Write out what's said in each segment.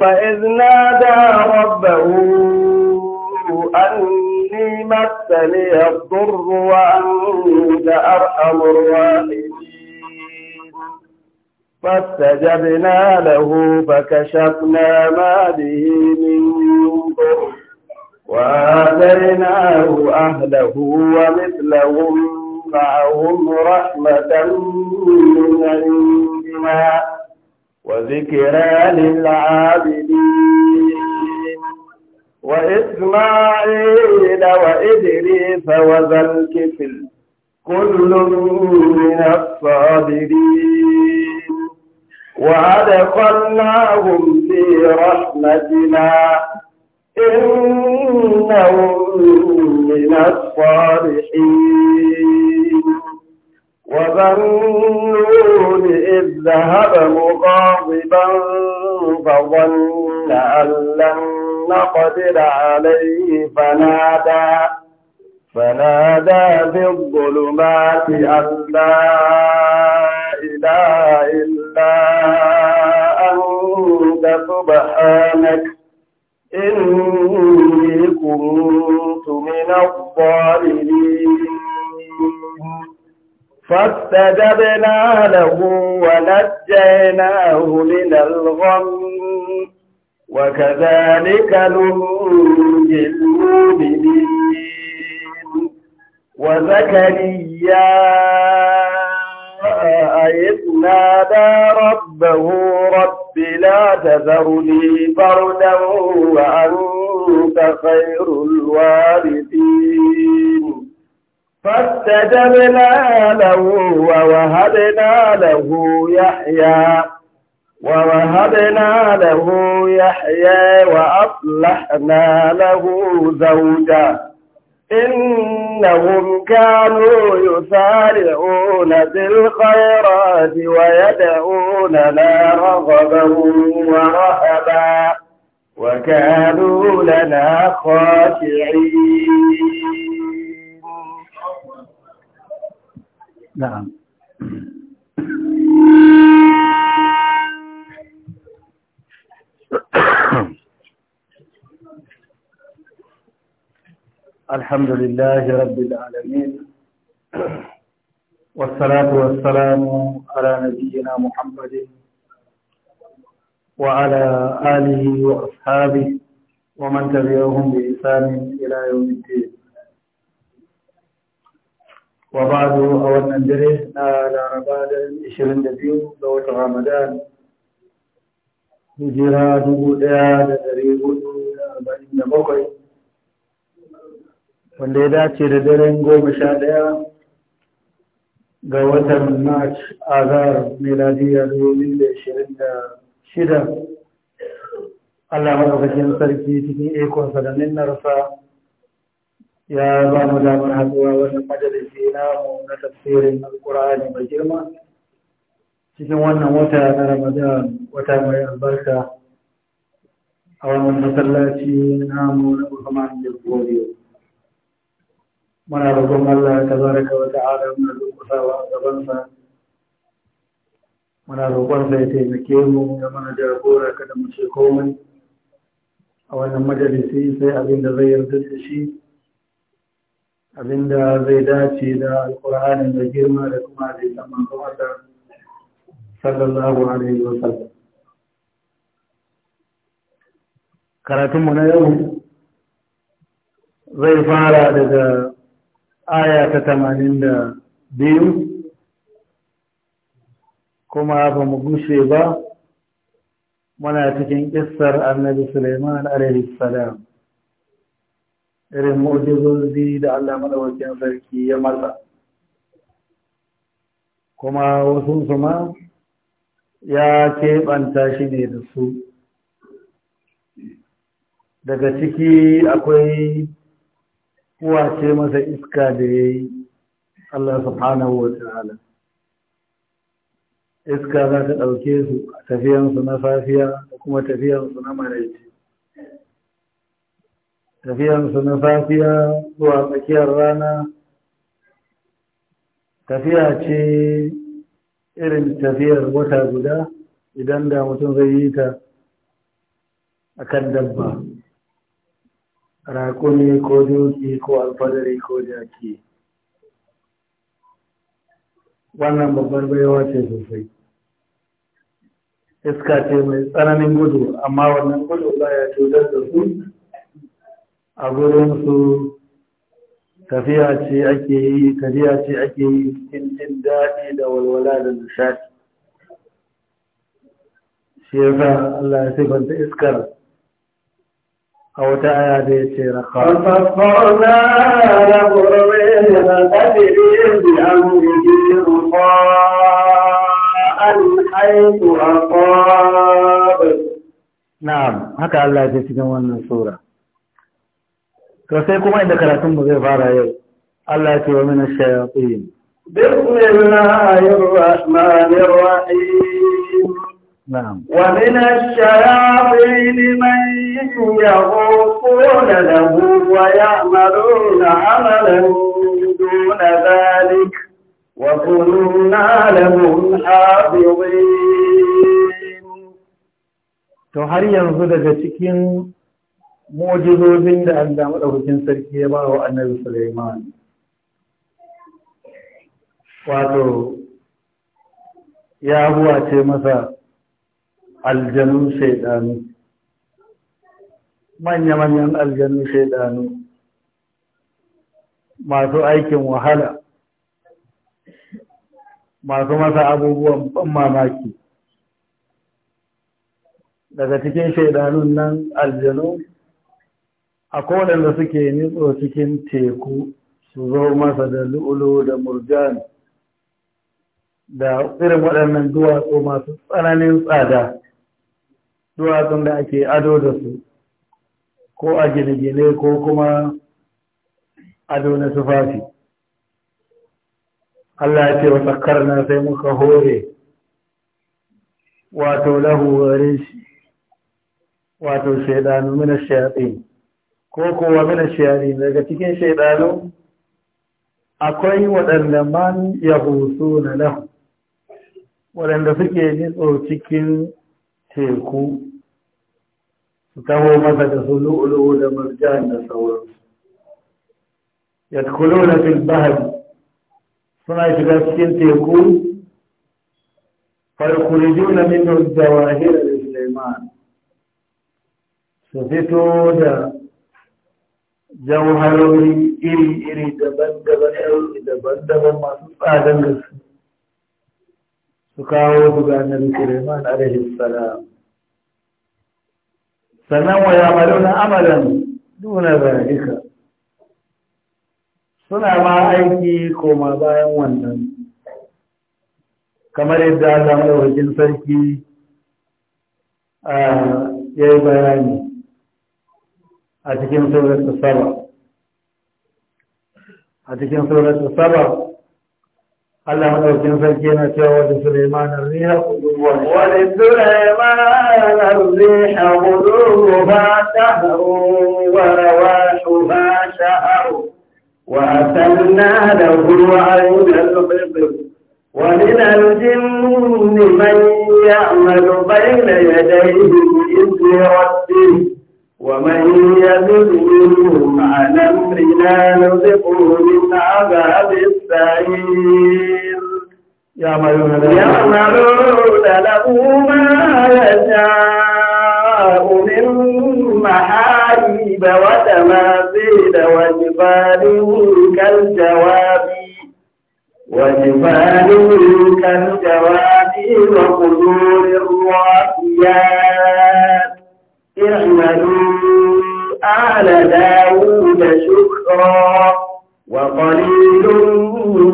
فإذ نادى ربه أني مسني الضر وأنت أرحم الراحمين فاستجبنا له فكشفنا ما به من ضر وآتيناه أهله ومثلهم معهم رحمة من عندنا وذكرى للعابدين وإسماعيل وإدريس وذا الكفل كل من الصابرين وأدخلناهم في رحمتنا إنهم من الصالحين وظنون إذ ذهب مغاضبا فظن أن لن نقدر عليه فنادى فنادى في الظلمات أن لا إله إلا أنت سبحانك إني كنت من الظالمين فاستجبنا له ونجيناه من الغم وكذلك ننجي المؤمنين وزكريا إذ نادى ربه رب لا تذرني فردا وأنت خير الوارثين فاستجبنا له ووهبنا له يحيى ووهبنا له يحيى وأصلحنا له زوجا إنهم كانوا يسارعون بالخيرات ويدعوننا رغبا ورهبا وكانوا لنا خاشعين نعم الحمد لله رب العالمين والصلاة والسلام على نبينا محمد وعلى آله وأصحابه ومن تبعهم بإحسان إلى يوم الدين wa ba zo a wannan dare na laraba da 22 ga watan ramadan hijira 1447 wanda ya dace da daren goma sha daya ga watan march azar miladiyar 2026 Allah maɗaukakin sarki cikin ikonsa da ninarsa يا أبا مدام حسوى وأن مجد فينا ومن تفسير القرآن مجرمة شكرا وأن وتا رمضان وتا البركة أو من مسلاتي نام ونقرمان يقولي من ربكم الله تبارك وتعالى من الكفى وأغبنفى من ربكم سيتي مكيم ومن جابورة كدم الشيكومي أو أن مجد فينا سيأبين غير ذلك الشيء abinda zai dace da alkur'ani da girma da kuma da saman kawata sallallahu alaihi wa karatunmu na yau zai fara daga aya ta tamanin da biyu kuma ba mu gushe ba muna cikin ƙissar annabi suleiman alaihi salam irin mu'jizozi da Allah madawacin sarki ya matsa kuma wasu su ma ya keɓanta shi ne da su daga ciki akwai kuwace masa iska da ya yi Allah subhanahu wa ta'ala iska za ta ɗauke su a tafiyansu na safiya da kuma tafiyansu na maraice tafiyansu na safiya zuwa tsakiyar rana tafiya ce irin tafiyar wata guda idan da mutum zai yi ta a kan dabba raƙumi ko doki ko alfadari ko jaki wannan babbar baiwa ce sosai iska ce mai tsananin gudu amma wannan gudu ya cutar da su a gurinsu tafiya ce ake yi tafiya ce ake yi cikin jin daɗi da walwala da nishaɗi shi yasa Allah ya sifanta iskar a wata aya da ya ce raka fasafona da kurwe da tafiye bi amurki rufa an haitu a na'am haka Allah ya ce cikin wannan sura to sai kuma inda karatun mu zai fara yau Allah ya ce wa mina ومن الشياطين من يغوصون له ويعملون عملا دون ذلك وكنا لهم حافظين تحرير ذلك mojizozin da an damu ɗaukakin sarki ya ba wa annabi Sulaiman. Wato, ya ce masa aljanun shaidanu, manya-manyan aljanun shaidanu, masu aikin wahala, masu masa abubuwan ban mamaki. Daga cikin shaidanun nan aljanu akwai waɗanda suke nitso cikin teku su zo masa da lu'ulu da murjan da irin waɗannan duwatsu masu tsananin tsada duwatsun da ake ado da su ko a gine-gine ko kuma ado na tufafi Allah ya ce wa na sai muka hore wato lahu shi wato shaidanu mina shayatin koko wa mina shayari daga cikin shaidanu akwai waɗanda man ya husu na lahu waɗanda suke nitso cikin teku su taho masa da su lu'ulu da marjan da sauransu ya kulo na filbahari suna shiga cikin teku farkuriju na minun jawahir da sulaiman su fito da jauharori iri-iri daban-daban yarori daban-daban masu tsadan gaske su kawo su ga annabi Suleiman alaihi salam sannan wa na amalan duna zarika suna ma aiki koma bayan wannan kamar yadda zama madaukakin sarki ah, ya yi bayani أتكين سورة السبع أتكين سورة السبع الله أنا كن سكينة وعد سليمان الريح ولسليمان الريح غدوها شهر ورواحها شهر وأسلنا له عين القطر ومن الجن من يعمل بين يديه بإذن ربه ومن يزد منهم عن أمرنا نذقه من عذاب السعير يعملون له ما يشاء من محاريب وتماثيل وجبال كالجواب وجبال كالجواب وقدور الراسيات اعملوا آل داود شكرا وقليل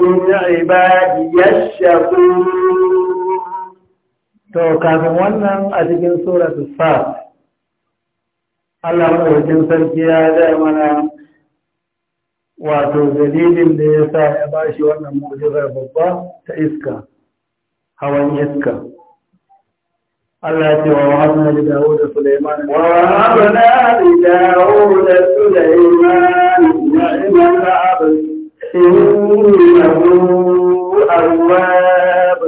من عبادي الشكور to kafin wannan a cikin suratul fat Allah madaukakin sarki ya gaya mana wato dalilin da ya sa ya bashi wannan mu'jizar babba ta iska hawan iska التي يتي ووهبنا لداود سليمان ووهبنا لداود سليمان نعم العبد إنه أواب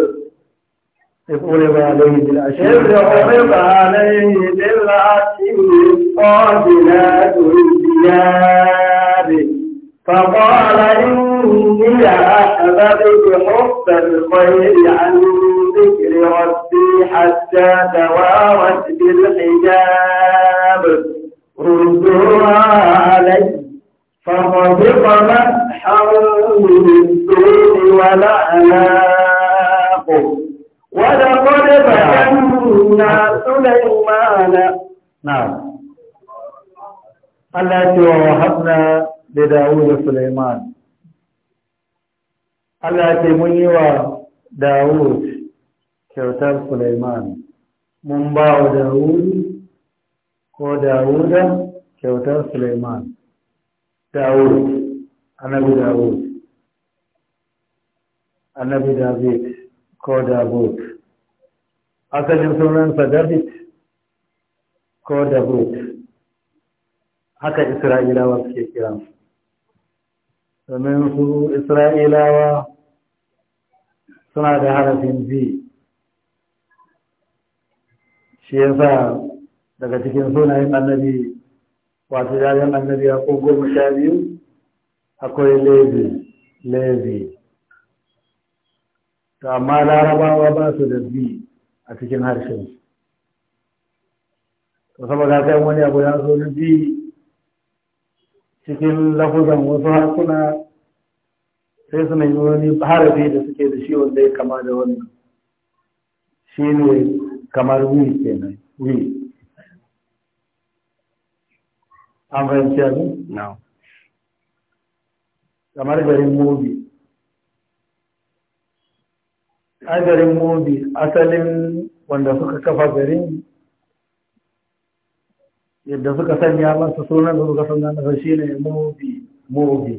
عرض عليه بالعشي إذ عرض عليه بالعشي الصافنات الديار فقال إني أحببت حب الخير عني ذكر ربي حتى توارت بالحجاب ردوها علي فغضب من حوله بالسوء والأعناق ولقد فتنا سليمان نعم التي ووهبنا لداوود سليمان التي مني وداوود kyautar Sulaiman mun ba wa Dawudu ko Dawuda kyautar Sulaiman Dawud annabi Dawud annabi David ko Dawud asalin sunansa David ko Dawud haka Isra'ilawa suke kiransu domin su Isra'ilawa suna da harafin biyu shi sa daga cikin sunayen annabi wato yayin annabi ya ko sha biyu akwai levi lezi to amma larabawa ba su da bi a cikin harshen to saboda kai wani abu ya zo bi cikin lafuzan wasu harsuna sai su nemi wani harafi da suke da shi wanda ya kama da wannan shi ne kamar wi kenan wi an fahimci abin? na kamar garin mobi a garin mobi asalin wanda suka kafa garin yadda suka sanya masa sunan da suka sanya masa shi ne mobi mobi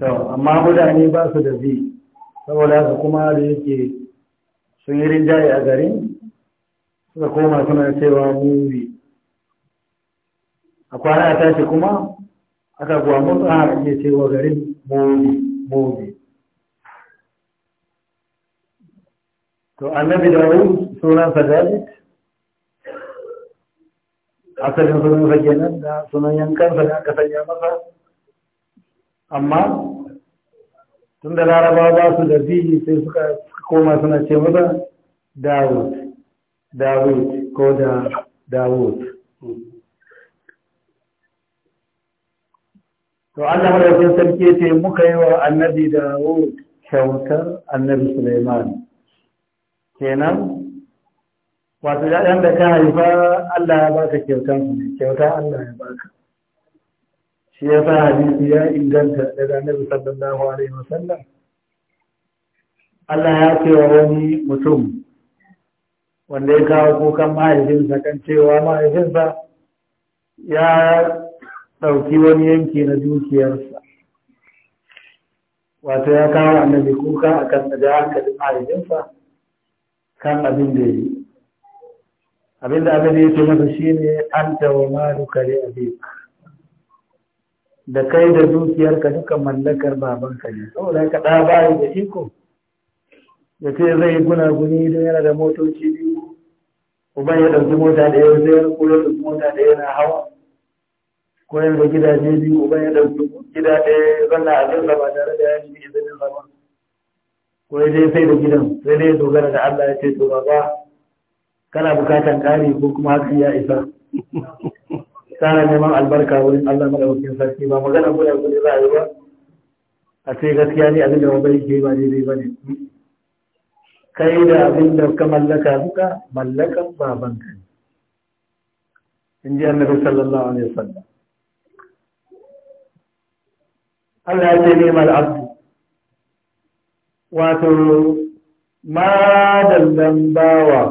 amma mutane ba su da zi saboda haka kuma da yake sun yi rinjaye a garin suka koma suna cewa muri a kwana a tashi kuma aka kuwa mutu a iya cewa garin mubi mubi to annabi dawud sunan david asalin sunan kenan da sunan yankansa da aka sanya masa amma tun da laraba ba su da biyu sai suka koma suna ce masa dawud dawud ko da dawud to allah maraikin sarki ya ce muka yi wa annabi dawud kyautar annabi suleiman kenan wato ya'yan da ka haifa allah ya baka kyautan kyauta allah ya baka shi ya sa hadisi ya inganta daga annabi sallallahu alaihi wasallam Allah ya ce wa wani mutum wanda ya kawo kukan mahaifinsa kan cewa mahaifinsa ya ɗauki wani yanki na dukiyarsa wato ya kawo annabi kuka a kan da hankalin mahaifinsa kan abin da ya yi abin da abin da ya ce masa shi ne an tawa maluka ne abin da kai da dukiyarka duka mallakar babanka ne saboda ka ɗa bayi da iko da ce zai yi gunaguni don yana da motoci biyu uban ya ɗauki mota da ya zai ko ya ɗauki mota da yana hawa ko yana da gidaje biyu uban ya ɗauki gida ɗaya zanna a jinsa ba tare da ya nemi izinin ba ko ya je sai da gidan sai dai dogara da Allah ya ce to baba kana bukatan ƙari ko kuma haka ya isa kana neman albarka wurin Allah madaukakin sarki ba magana guda ne za a yi ba a ce gaskiya ne abin da wani ke ba daidai ba ne kai da abin da ka mallaka duka mallakan babanka ne in ji annabi sallallahu alaihi wasallam Allah ya ce ne neman abdu wato madallan bawa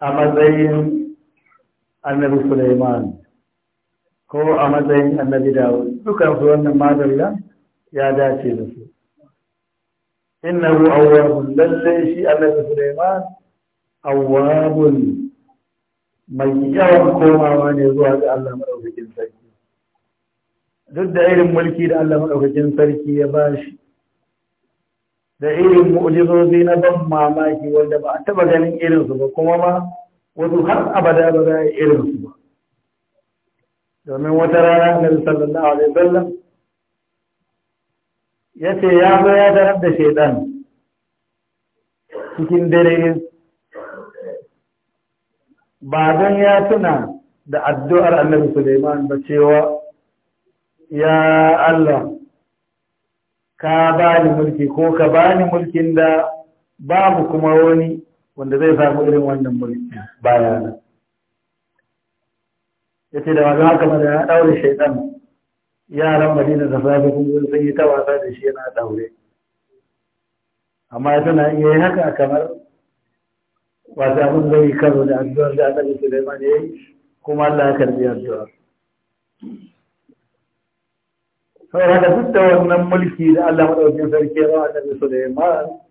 a matsayin annabi Sulaiman ko a matsayin annabi Dawud dukan su wannan madalla ya dace da su innahu awwabun lalle shi annabi Sulaiman awwabun mai yawan komawa ne zuwa ga Allah madaukakin sarki duk da irin mulki da Allah madaukakin sarki ya bashi da irin mu'jizozi na ban mamaki wanda ba a taba ganin irinsu ba kuma ma wasu har abada ba za a irin su ba domin wata rana na sallallahu alaihi wasallam ya ce ya zo ya tarar da shaidan cikin dare ba don ya tuna da addu'ar annabi Suleiman ba cewa ya Allah ka bani mulki ko ka bani mulkin da babu kuma wani wanda zai samu irin wannan mulki baya nan ya ce da wani haka ma da ya ɗaure shaidan yaran madina da safe kun sun yi ta wasa da shi yana daure. amma tana iya yi haka kamar wata abin zai yi karo da addu'ar da annabi Sulaiman ya yi kuma Allah ya karbi addu'ar saboda haka duk da wannan mulki da Allah madaukakin sarki ya ba annabi Sulaiman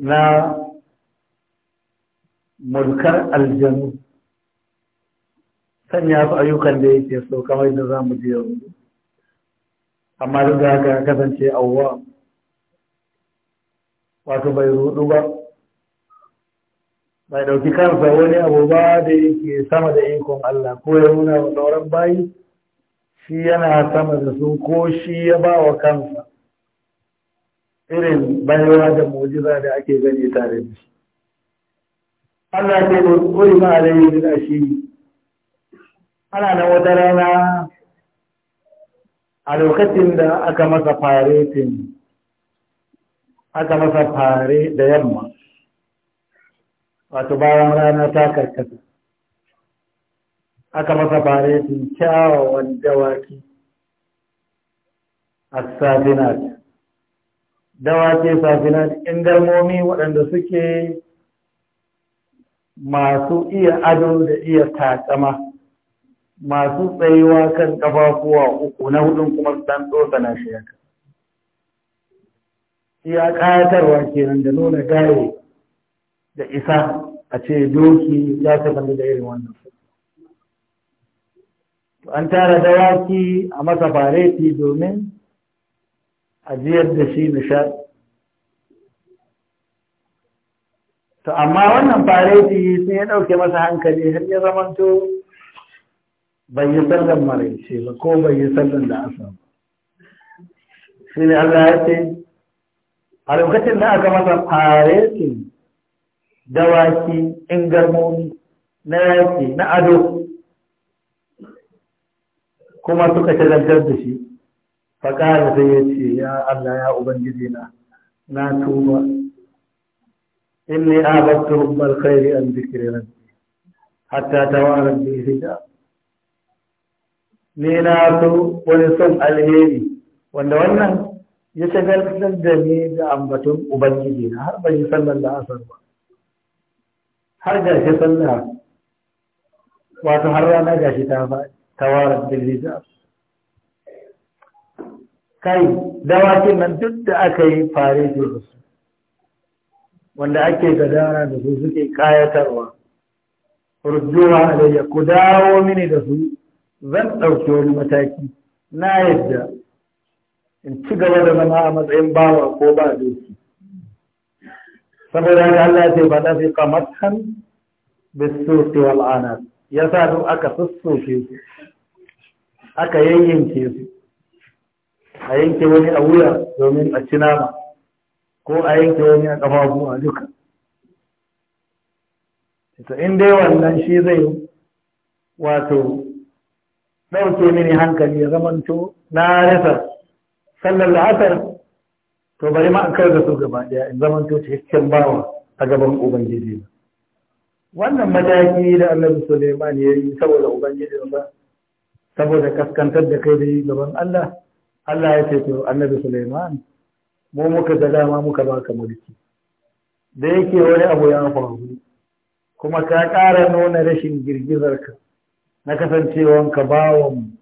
na mulkar aljanu sanya su ayyukan da yake so kamar da za mu je yanzu amma duk da haka kasance awwa wato bai rudu ba bai dauki kansa wani abu ba da yake sama da ikon Allah ko ya nuna wa sauran bayi shi yana sama da su ko shi ya ba wa kansa irin baiwa da mujiza da ake gani tare da shi Allah ce da kuri ma alayhi da ashi ana nan wata rana a lokacin da aka masa fare tin aka masa fare da yamma wato bayan rana ta karkata aka masa fare tin kyawawan dawaki a safinata dawake safina in garmomi waɗanda suke masu iya ado da iya taƙama masu tsayuwa kan ƙafafuwa uku na hudun kuma ɗan tsotsa na shi iya ƙayatarwa kenan da nuna gaye da isa a ce doki ya tafi da irin wannan an tara dawaki a masa fareti domin ajiyar da shi nishadi to amma wannan fareti sun ya ɗauke masa hankali har ya zamanto bai yi sallan ba ko bai yi sallan da asa ba shi ne Allah ya ce a lokacin da aka masa fareti dawaki ingarmomi na yaki na ado kuma suka shagaltar da shi faƙara sai ya ce ya Allah ya ubangiji na na tuba inni abattu rubbal khairi an zikri rabbi hatta wa bi hijab ni na so wani son alheri wanda wannan ya shagaltar da ni da ambaton ubangiji na har ban yi sallar da asar ba har gashi sallah wato har rana gashi ta wa bil hijab kai dawakin nan duk da aka yi fare da su wanda ake gadara da su suke kayatarwa rujjowa alayya ku dawo mini da su zan ɗauki wani mataki na yadda in ci gaba da zama a matsayin bawa ko ba doki saboda da Allah sai bada sai da fi bisuqi wal ya yasa duk aka sussoke su aka yayyanke su a yanke wani a wuya domin a ci nama ko a yanke wani a ƙafafu a duka to in dai wannan shi zai wato ɗauke mini hankali ya to na rasa sallar la'asar to bari ma kar da su gaba ɗaya in zamanto cikakken bawa a gaban ubangiji wannan mataki da annabi suleiman ya yi saboda ubangijinsa saboda kaskantar da kai da yi gaban allah Allah ya ce to annabi Sulaiman mu muka ga dama muka baka mulki da yake wani abu ya faru kuma ka ƙara nuna rashin girgizar girgizarka na kasancewanka bawan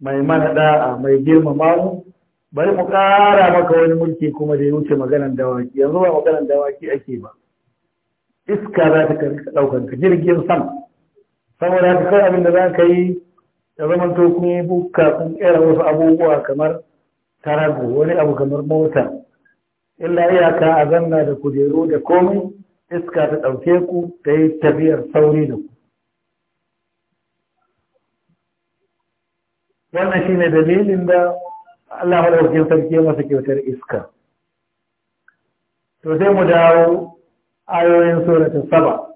mai mana da'a mai girmama mu bari mu ƙara maka wani mulki kuma da ya wuce maganan dawaki yanzu ba maganan dawaki ake ba iska za ta karka ɗaukanka jirgin sama saboda haka kai abin da za ka yi da zaman to kun yi bukka kun kera wasu abubuwa kamar tarago wani abu kamar mota illa iyaka a zanna da kujeru da komai iska ta ɗauke ku ta yi tafiyar sauri da ku wannan shine dalilin da Allah madaukakin sarki ya masa kyautar iska to sai mu dawo ayoyin surata saba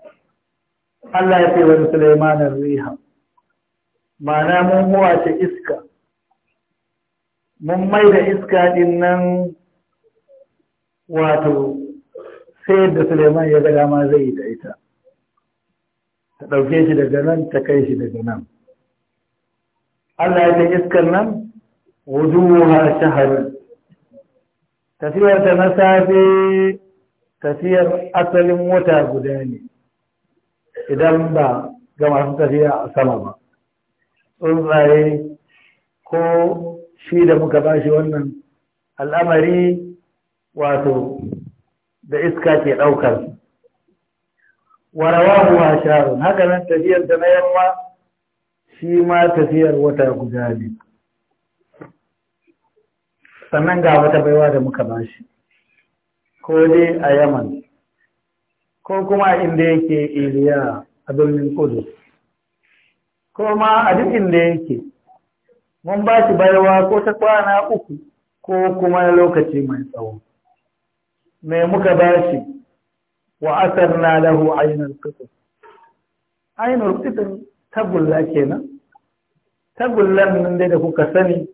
Allah ya ce wa Sulaiman riha ma'ana mun huwace iska mun mai da iska din nan wato sai yadda suleiman ya zaga ma zai yi da ita ta ɗauke shi daga nan ta kai shi daga nan Allah ya ce iskar nan wujuha shaharin tafiyar ta na safe tafiyar asalin wata guda ne idan ba ga masu tafiya a sama ba tsuntsaye ko shi da muka bashi wannan al'amari wato da iska ke ɗaukar warawahu wa sharon haka nan tafiyar da na yamma shi ma tafiyar wata guda ne sannan ga wata baiwa da muka bashi ko dai a yaman ko kuma inda yake iliya a birnin kudus ko ma a duk inda yake mun ba shi baiwa ko ta kwana uku ko kuma lokaci mai tsawo me muka ba shi wa asarna lahu ainul qitr ainul qitr tagulla kenan tagullan nan da kuka sani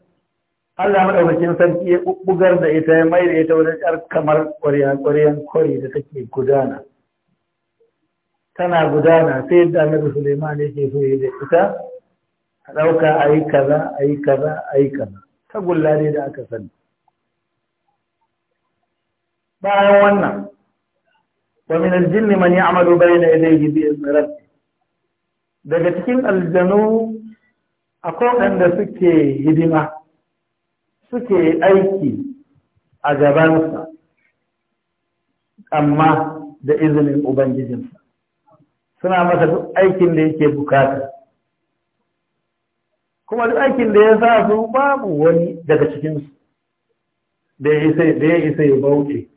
Allah madaukakin sarki ya bugar da ita ya mai da ita wajen kamar ƙwarya ƙwaryan kori da take gudana tana gudana sai yadda annabi Suleiman yake so ya ita a ɗauka a yi kaza a yi kaza a yi kaza ta gullare da aka sani bayan wannan wa min aljinni man ya'malu bayna yadayhi bi rabbi daga cikin aljanu akwai waɗanda suke hidima suke aiki a gabansa amma da izinin ubangijinsa suna masa duk aikin da yake bukata kuma duk aikin da ya sa su babu wani daga cikinsu da ya isa ya bauke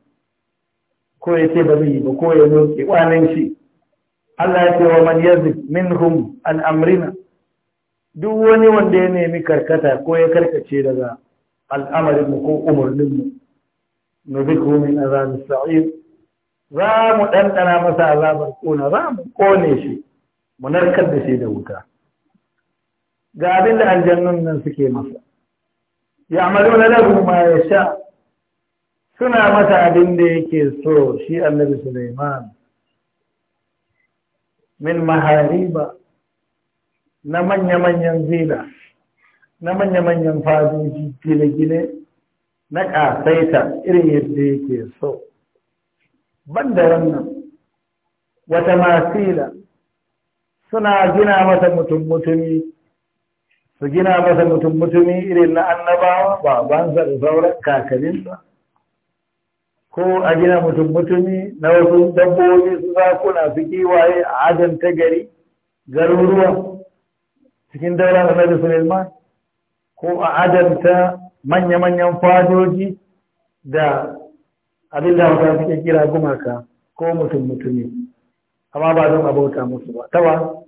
ko ya ce ba zai yi ba ko ya nuke kwanan shi Allah ya ce wa man yazid minhum an amrina duk wani wanda ya nemi karkata ko ya karkace daga al'amarin mu ko umarnin mu ko min azabis za mu ɗanɗana masa azabar ƙona za mu ƙone shi mu narkar da shi da wuta ga abin da aljannun nan suke masa ya amalu na lagu ma ya sha suna masa abin da yake so shi annabi Suleiman. min mahariba na manya-manyan zina na manya-manyan fadoji gine-gine na ƙasaita irin yadda yake so banda wannan wata masila suna gina masa mutum mutumi su gina masa mutum mutumi irin na annabawa babansa da sauran kakaninsa ko a gina mutum mutumi na wasu dabbobi su zakuna su kiwaye a adan ta gari garuruwa cikin daular annabi Suleiman ko a adan ta manya-manyan fadoji da abin da suke kira gumaka ko mutum mutumi amma ba don abauta musu ba tawa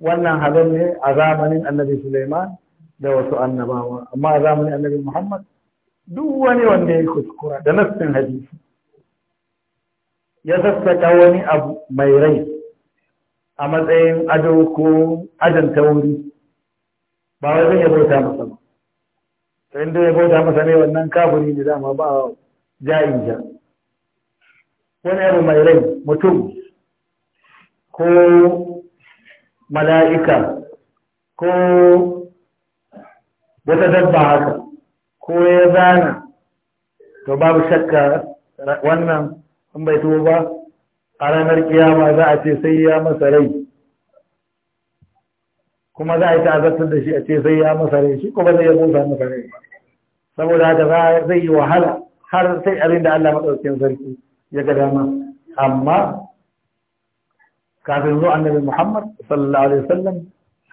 wannan halin ne a zamanin annabi Sulaiman da wasu annabawa amma a zamanin annabi Muhammad duk wani wanda ya kuskura da nassin hadisi ya sassaka wani abu mai rai a matsayin ado ko ajan tauri ba wai zai bauta masa ba sai inda ya bauta masa ne wannan kafuri ne dama ba jayin ja wani abu mai rai mutum ko mala'ika ko wata dabba haka ko ya zana to babu shakka wannan in bai tuwo ba a ranar kiyama za a ce sai ya masa rai kuma za a yi ta'azartar da shi a ce sai ya masa rai shi kuma zai yi musa masa rai saboda haka zai yi wahala har sai abin da Allah maɗaukin sarki ya ga dama amma kafin zuwa annabi Muhammad sallallahu alaihi wasallam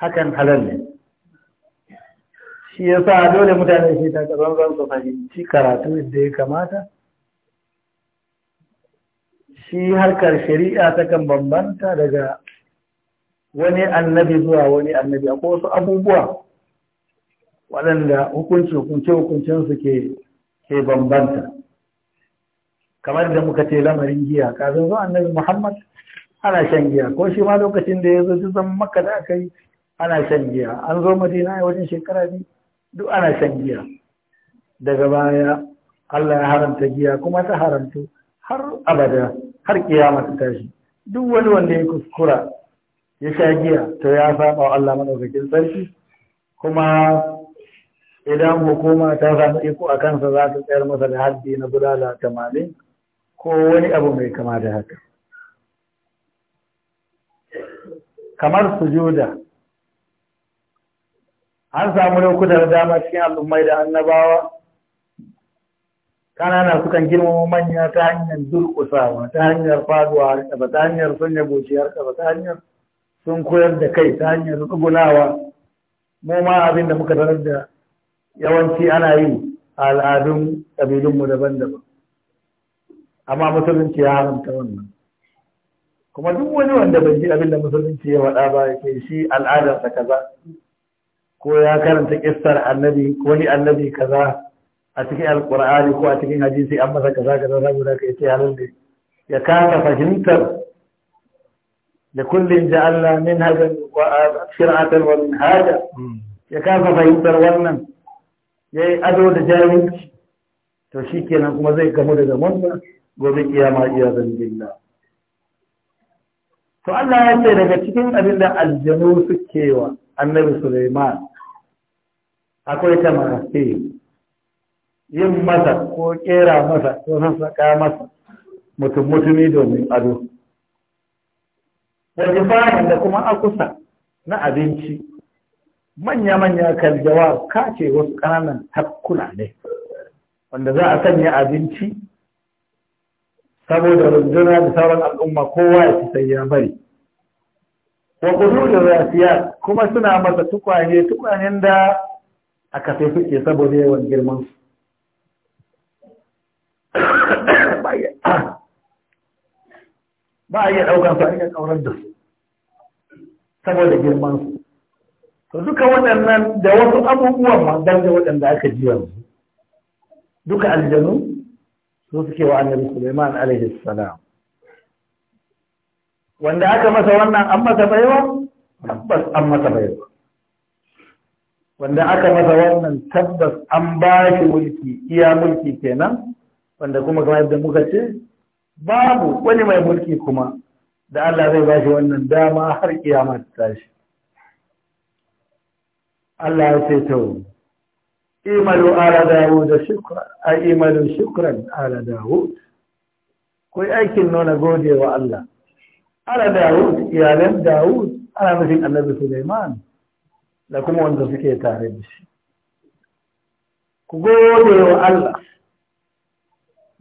hakan halal ne shi yasa dole mutane shi ta zan su fahimci karatu da ya kamata shi harkar shari'a ta kan bambanta daga wani annabi zuwa wani annabi akwai wasu abubuwa waɗanda hukunci hukunce hukuncensu ke sai bambanta kamar da muka ce lamarin giya kafin zuwa annabi muhammad ana shan giya ko shi ma lokacin da ya zo zan maka da aka yi ana shan giya an zo madina a wajen shekara biyu duk ana shan giya daga baya allah ya haramta giya kuma ta haramta har abada har kiyama ta tashi duk wani wanda ya kuskura ya sha giya to ya saba wa allah madaukakin sarki kuma idan hukuma ta samu iko a kansa za ta tsayar masa da haddi na bulala tamanin ko wani abu mai kama da haka kamar sujuda an samu lokutan dama cikin al'ummai da annabawa kanana sukan girmama manya ta hanyar durƙusawa ta hanyar faduwa har ƙafa ta hanyar sanya goshi har ƙafa ta hanyar sun koyar da kai ta hanyar tsugunawa mu ma abin da muka tarar da yawanci ana yi a al'adun ƙabilunmu daban-daban amma musulunci ya haramta wannan kuma duk wani wanda bai ji abin da musulunci ya faɗa ba ya ce shi al'adarsa kaza ko ya karanta kistar annabi wani annabi kaza a cikin alkur'ani ko a cikin hadisi an masa kaza kaza saboda ka yace halin ne ya kasa fahimtar da kullum Allah min hadan wa shir'atan wa min hada hmm. ya kasa fahimtar wannan ya yi ado da jahilci to shi kenan kuma zai gamu da zamansa gobe kiyama iya zangilla to Allah ya ce daga cikin abin da aljanu suke wa annabi Suleiman akwai ta tamarasi yin masa ko kera masa ko sassaka masa mutum mutumi domin ado wajen da kuma akusa na abinci manya-manya kaljawa kace wasu ƙananan takkuna ne wanda za a sanya abinci saboda rundunar da sauran al'umma kowa ya ci sai ya bari wa da zafiya kuma suna masa tukwane tukwanen da a kafe suke saboda yawan girman su ba a iya ɗaukansu su a iya ƙaurar da su saboda girman su to duka waɗannan da wasu abubuwan ma dan da waɗanda aka ji yanzu duka aljanu su suke wa annabi Sulaiman alaihi salam wanda aka masa wannan an masa baiwa tabbas an masa baiwa wanda aka masa wannan tabbas an ba shi mulki iya mulki kenan wanda kuma kamar yadda muka ce babu wani mai mulki kuma da Allah zai ba shi wannan dama har kiyama ta tashi Allah ya ce to imalu ala dawud shukran ay imalu shukran ala dawud ko aikin nuna gode wa Allah ala dawud iyalan dawud ana nufin annabi Sulaiman da kuma wanda suke tare da shi ku gode wa Allah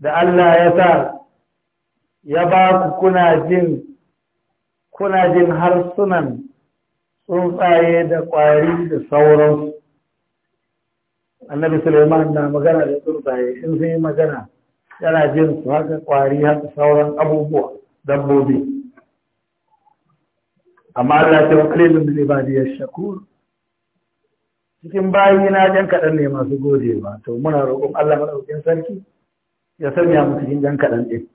da Allah ya sa ya ba ku kuna jin kuna jin harsunan tsuntsaye da ƙwari da sauran annabi suleiman na magana da tsuntsaye in sun yi magana yana jin su haka ƙwari haka sauran abubuwa dabbobi amma Allah ta wakalilin da ibadiyar shakur cikin bayi na jan kaɗan ne masu gode ba to muna roƙon Allah maɗaukin sarki ya sanya mu cikin jan kaɗan ɗin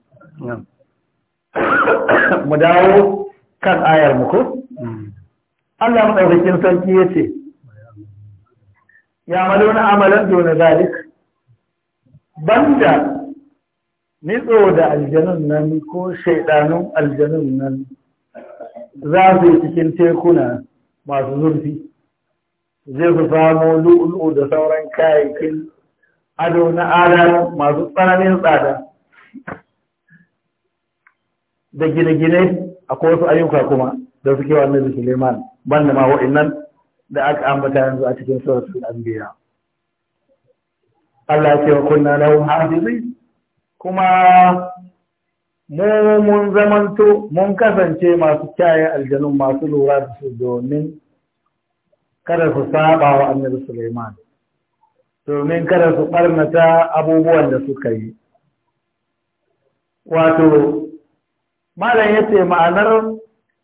mu dawo kan ayar mu ko mm. Allah maɗaukakin sarki ya ce ya na amalan dona zalik banda nitso da aljanun nan ko shaidanun aljanun nan za su yi cikin tekuna masu zurfi zai su samo lu'ulu da sauran kayayyakin ado na adar masu tsananin tsada da gine-gine a wasu ayyuka kuma da suke wa annabi Suleiman da ma wa'annan da aka ambata yanzu a cikin suratul anbiya Allah ya ce wa kunna lahu hafizin kuma mu mun zamanto mun kasance masu kyaye aljanun masu lura da su domin kada su saba wa annabi Suleiman domin kada su barnata abubuwan da suka yi wato malam ya ce ma'anar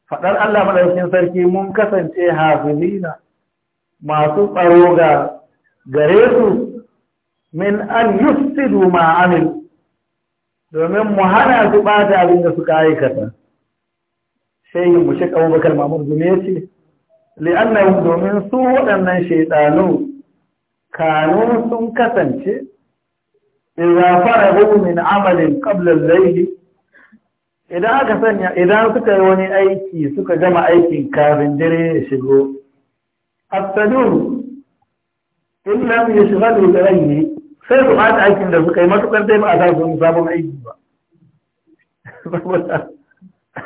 faɗar Allah maɗaukin sarki mun kasance hafizina masu tsaro ga gare su min an yusidu ma amil domin mu hana su ɓata abin da suka aikata shehin mu shek abubakar mamur gume ce li'annahu domin su waɗannan shaidanu kanu sun kasance idza farahu min amalin qabla al idan aka sanya idan suka yi wani aiki suka gama aikin kafin dare ya shigo asadun illa mu ya shiga da ne, sai su bata aikin da suka yi matukar dai ba a wani sabon aiki ba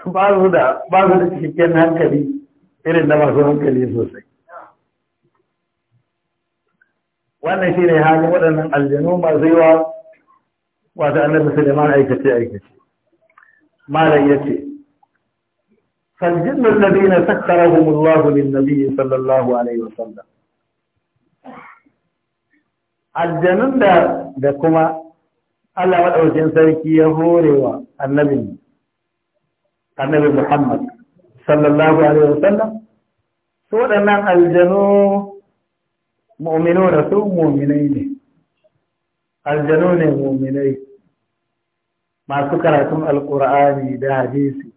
ba su da ba cikakken hankali irin na masu hankali sosai wannan shi ne halin waɗannan aljanu masu yawa wata annabi Suleiman aikace aikace malam ya ce faljinnin ladina sakkarahum Allah min nabi sallallahu alaihi wa sallam aljanun da da kuma Allah madaukakin sarki ya horewa annabin annabi Muhammad sallallahu alaihi wa sallam su waɗannan aljanu mu'minu da su mu'minai ne aljanu ne mu'minai masu karatun alkur'ani da hadisi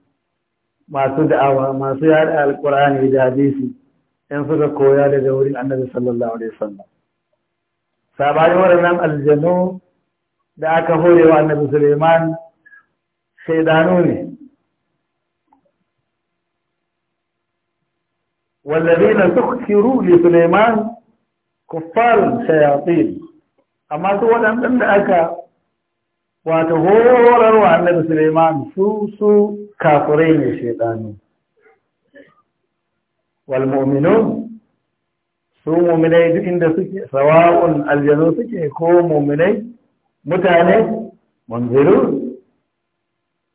masu da'awa masu yada alkur'ani da hadisi in suka koya daga wurin annabi sallallahu alaihi wasallam sabanin waɗannan aljanu da aka hore wa annabi suleiman shaidanu ne wallazina sukhiru li suleiman kuffar shayatin amma su waɗannan da aka wato horarwa annabi Suleiman su su kafurai ne shaidanu wal mu'minun su mu'minai duk inda suke sawa'un aljanu suke ko mu'minai mutane munziru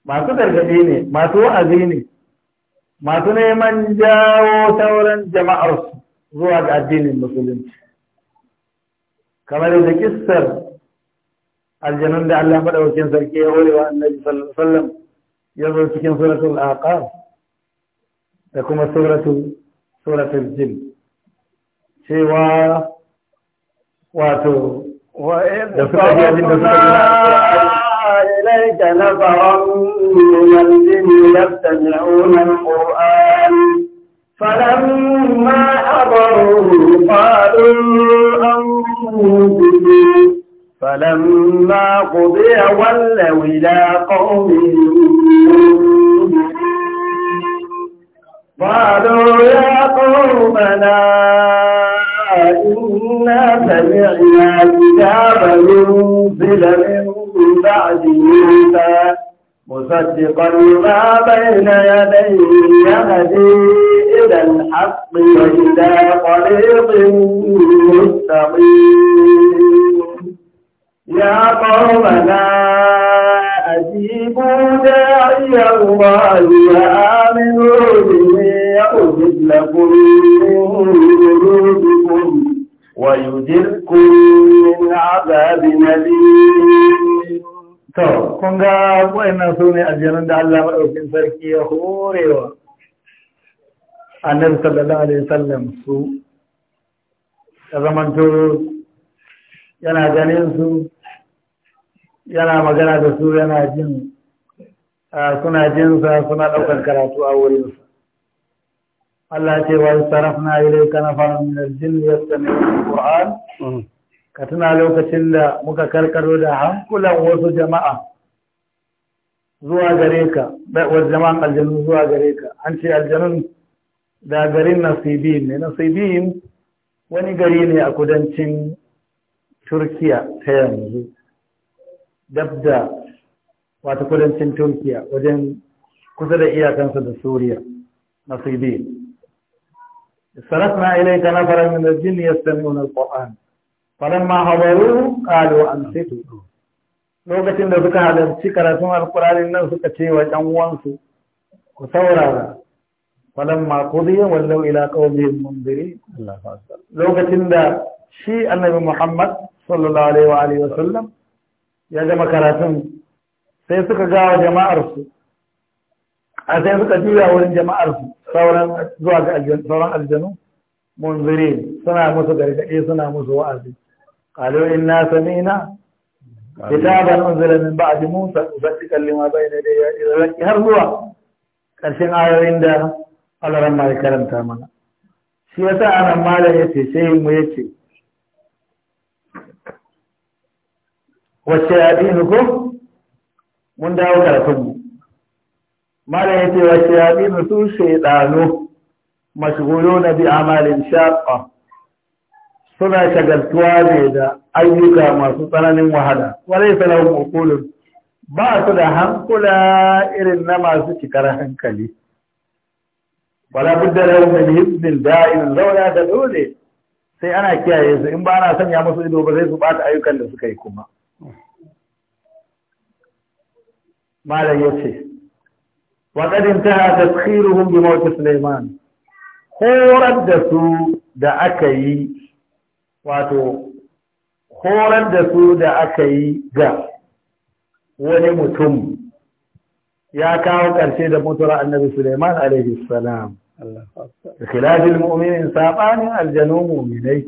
masu gargaɗi ne masu wa'azi ne masu neman jawo sauran jama'arsu zuwa ga addinin musulunci kamar da kissar aljanun da Allah madaukakin sarki ya hore wa annabi sallallahu alaihi ya zo cikin suratul aqaf da kuma suratul suratul jin cewa wato da suka ji abin da suka إليك نفرا من الجن يستمعون القرآن فلما حضروا قالوا فلما قضي ولوا إلى قومهم قالوا يا قومنا إنا سمعنا كتابا ينزل من بعد موسى مصدقا لما بين يديه يهدي إلى الحق وإلى طريق مستقيم يا قومنا أجيبوا داعي الله وآمنوا به يغفر لكم من ذنوبكم ويدركم من عذاب أليم to kun ga wayannan su ne aljanun da Allah maɗaukin sarki ya horewa annabi sallallahu alaihi sallam su ya zamanto yana ganin su yana magana da su yana jin suna jinsa suna ɗaukar karatu a wurinsa Allah ce wa na ilayka nafaran min al-jinn yastami'una al-Qur'an mm. ka tuna lokacin da muka karkaro da hankulan wasu jama'a zuwa gare ka wasu jama'an aljanu zuwa gare ka an ce aljanun da garin nasibin ne nasibin wani gari ne a kudancin Turkiya ta yanzu dab da wata kudancin turkiya wajen kusa da iyakansa da suriya na sibir صرفنا إليك نفرا من الجن يستمعون القرآن فلما حضروه قالوا أنصتوا lokacin da suka halarci karatun alkur'anin nan suka ce wa ɗan uwansu ku saurara falan ma qudiya wallau ila qaumihim mundirin lokacin da shi annabi Muhammad sallallahu alaihi wa alihi wa sallam ya gama karatun sai suka gawa jama'arsu a sai suka juya wurin jama'arsu sauran zuwa ga sauran aljanu munziri suna musu gargaɗe suna musu wa'azi qalu inna sami'na kitaban unzila min ba'di musa musaddiqan lima bayna yadayhi ila zaki har zuwa ƙarshen ayoyin da Allah ran mai karanta mana shi yasa anan malam yace sai mu yace Wace ya ni ko mun dawo mu. ya ce wace ya dinu su shaidanu na bi amalin suna shagaltuwa ne da ayyuka masu tsananin wahala walai salahun ukulun ba su da hankula irin na masu cikar hankali wala budda lahum min hizbin da'in zauna da dole sai ana kiyaye su in ba ana sanya musu ido ba sai su bata ayyukan da suka yi kuma malam ya ce wa ta haɗa tsiruhun bi suleiman horar da su da aka yi wato horar da su da aka yi ga wani mutum ya kawo ƙarshe da mutuwar annabi suleiman alaihi da khilafin mu'minin saɓanin aljanu mu'minai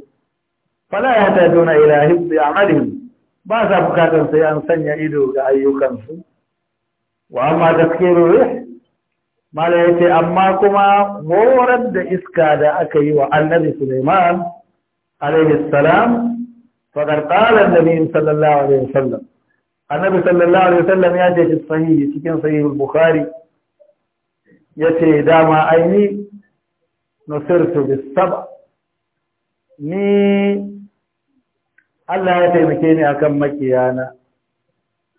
fala ya ta dona ila hibbi amalin ba sa bukatar sai an sanya ido ga ayyukansu wa amma taskiru rih mala yace amma kuma horar da iska da aka yi wa annabi Sulaiman alaihi salam faqad qala annabi sallallahu alaihi wasallam annabi sallallahu alaihi wasallam ya ce sahihi cikin sahih bukhari yace dama aini nusirtu bis sab ni Allah ya taimake ni akan makiyana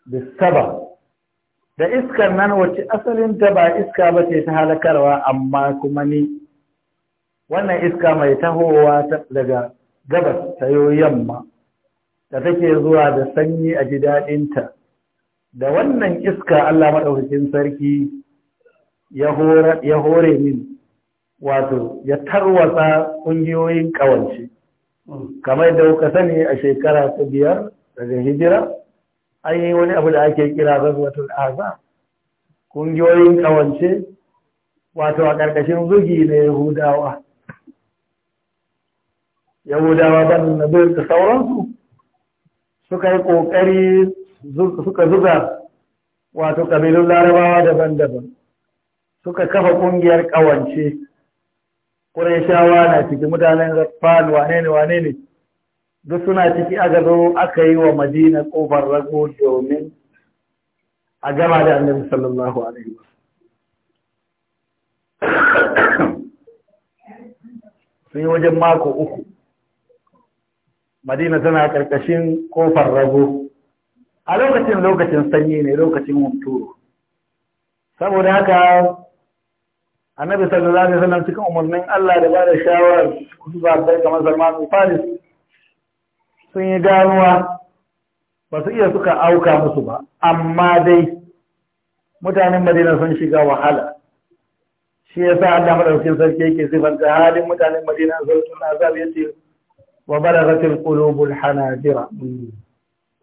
da saba, da iskar nan wacce asalinta ba iska ba ce ta halakarwa amma kuma ni wannan iska mai tahowa daga gabas ta yamma da take zuwa da sanyi a ji daɗinta da wannan iska Allah maɗaukakin sarki ya hore min wato ya tarwatsa ƙungiyoyin ƙawance kamar da kuka sani a shekara ta biyar daga hijira an yi wani abu da ake kira razwatul aza kungiyoyin kawance wato a ƙarƙashin zugi na yahudawa yahudawa ban na da sauransu suka yi ƙoƙari suka zuga wato ƙabilun larabawa daban-daban suka kafa ƙungiyar ƙawance shawa na ciki mutanen Rafan wane ne wane ne duk suna ciki a gado aka yi wa Madina kofar rago domin a gama da Annabi sallallahu alaihi wa sun yi wajen mako uku Madina tana karkashin kofar rago a lokacin lokacin sanyi ne lokacin hunturu saboda haka annabi sallallahu alaihi wasallam cikin umarnin Allah da bada shawarar su ba sai kamar Salman Faris sun yi ganuwa ba su iya suka auka musu ba amma dai mutanen Madina sun shiga wahala shi yasa Allah madaukakin sarki yake da halin mutanen Madina sun azab yace wa barakatil qulubul hanajira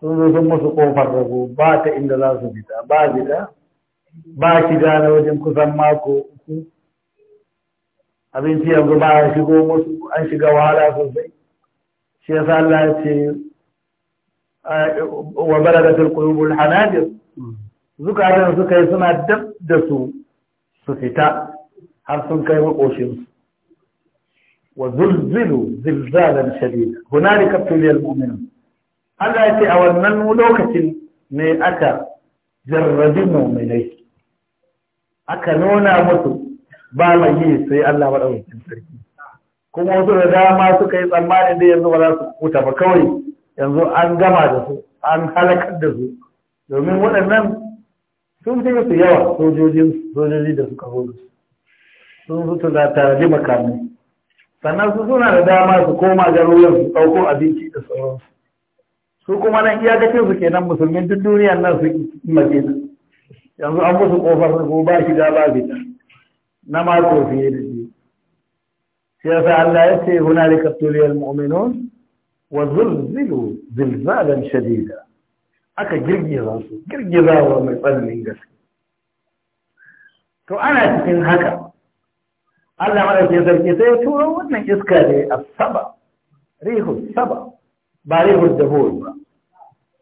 sun zo sun musu kofar rago ba ta inda za su fita ba fita ba shiga na wajen kusan mako uku abinci yanzu ba a shigo musu an shiga wahala sosai shi yasa Allah ya ce wa balagatul qulubul hanajir zukatan suka yi suna dab da su su fita har sun kai makoshin wa zulzilu zilzalan shadida hunalika tuliyal mu'minun Allah ya ce a wannan lokacin ne aka jarrabi mu'minai aka nuna musu ba mai yi sai Allah maɗaukakin sarki kuma wasu da dama suka yi tsammanin da yanzu ba za su kuta ba kawai yanzu an gama da su an halakar da su domin waɗannan sun fi su yawa sojoji da suka zo sun zuta da tare makamai sannan su suna da dama su koma garuruwan su ɗauko abinci da sauransu su kuma nan iyakacin su kenan musulmin duk duniyar nan su madina yanzu an musu kofar su ba shi da ba fita na mako fiye da shi sai yasa Allah ya ce hunalika tuliyal mu'minun wa zulzilu zilzalan shadida aka girgiza su girgizawa mai tsananin gaske to ana cikin haka Allah mara ke sarki sai ya turo wannan iska ne a saba rihu saba ba zai hujja ba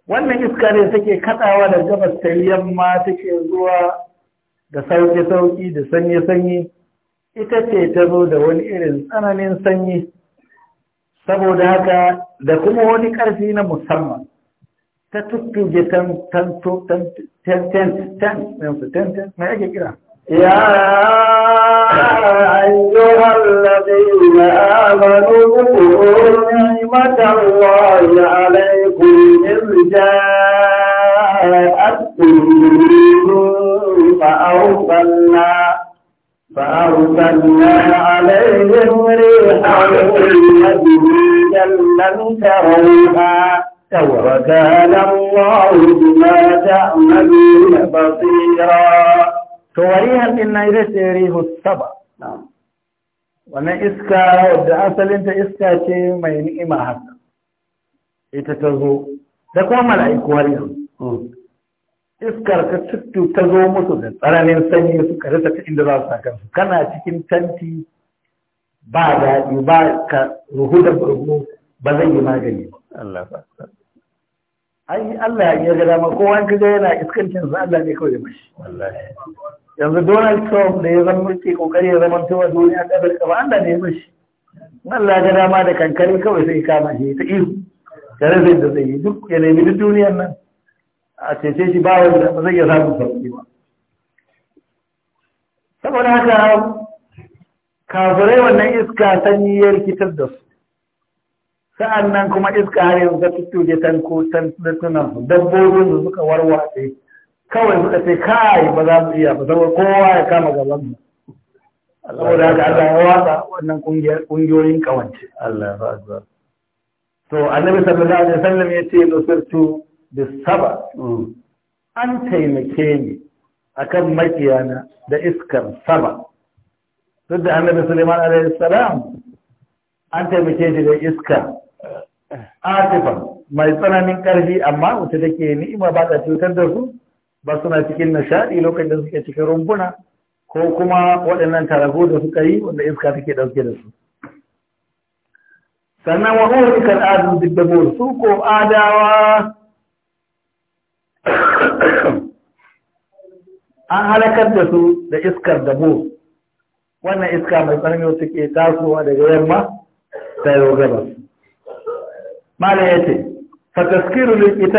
wannan iska ne take kaɗawa da gabas ta yamma take zuwa da sauƙi-sauƙi da sanyi-sanyi ita ce ta zo da wani irin tsananin sanyi saboda haka da kuma wani ƙarfi na musamman ta tuttuge tantan mai ake kira يا أيها الذين آمنوا اذكروا نعمة الله عليكم إذ جاءتكم فأرسلنا فأرسلنا عليهم ريحا شديدا لم تروها وكان الله بما تعملون بصيرا to warihan din nan ita tsere hustaba saba wannan iska wadda asalinta iska ce mai ni'ima haka ita ta zo da kuma mala'iku har yanzu hmm. iskar ta tuttu ta zo musu da tsananin sanyi suka rasa ta inda za su saka su kana cikin tanti ba daɗi ba ka ruhu da burgu ba zai yi magani ba Allah ba ai Allah ya ga dama kowa kaga yana iskancin sa Allah ne kawai mashi wallahi yanzu donald trump da ya zama ke kokari ya zama tuwa duniya kabar ba an da nemi shi Allah ga dama da kankari kawai sai kama shi ta ihu tare da zai yi duk ya nemi duk duniyar nan a cece shi ba wanda zai iya samun sauki ba saboda haka kafirai wannan iska sanyi ya rikitar da su sa'an nan kuma iska har yanzu ta tuttuje tanko tantunan su dabbobin da suka warwatse kawai suka ce kai ba za mu iya ba saboda kowa ya kama gaban mu saboda haka Allah ya watsa wannan kungiyoyin kawance Allah ya akbar to annabi sallallahu alaihi wasallam ya ce nusirtu saba. Mm. an taimake ni akan makiyana da iskar saba duk da annabi Suleiman alaihi salam an taimake shi da iska Atifa mai tsananin karfi amma wata take ni'ima ba ta cutar da su ba suna cikin nishaɗi lokacin da suke cikin rumbuna ko kuma waɗannan tarago da suka yi wanda iska take ɗauke da su sannan wa urikar adu diddabo su ko adawa an halakar da su da iskar dabo wannan iska mai tsanani wata ke tasowa daga yamma ta yau gabas mala ya ce fataskiru lil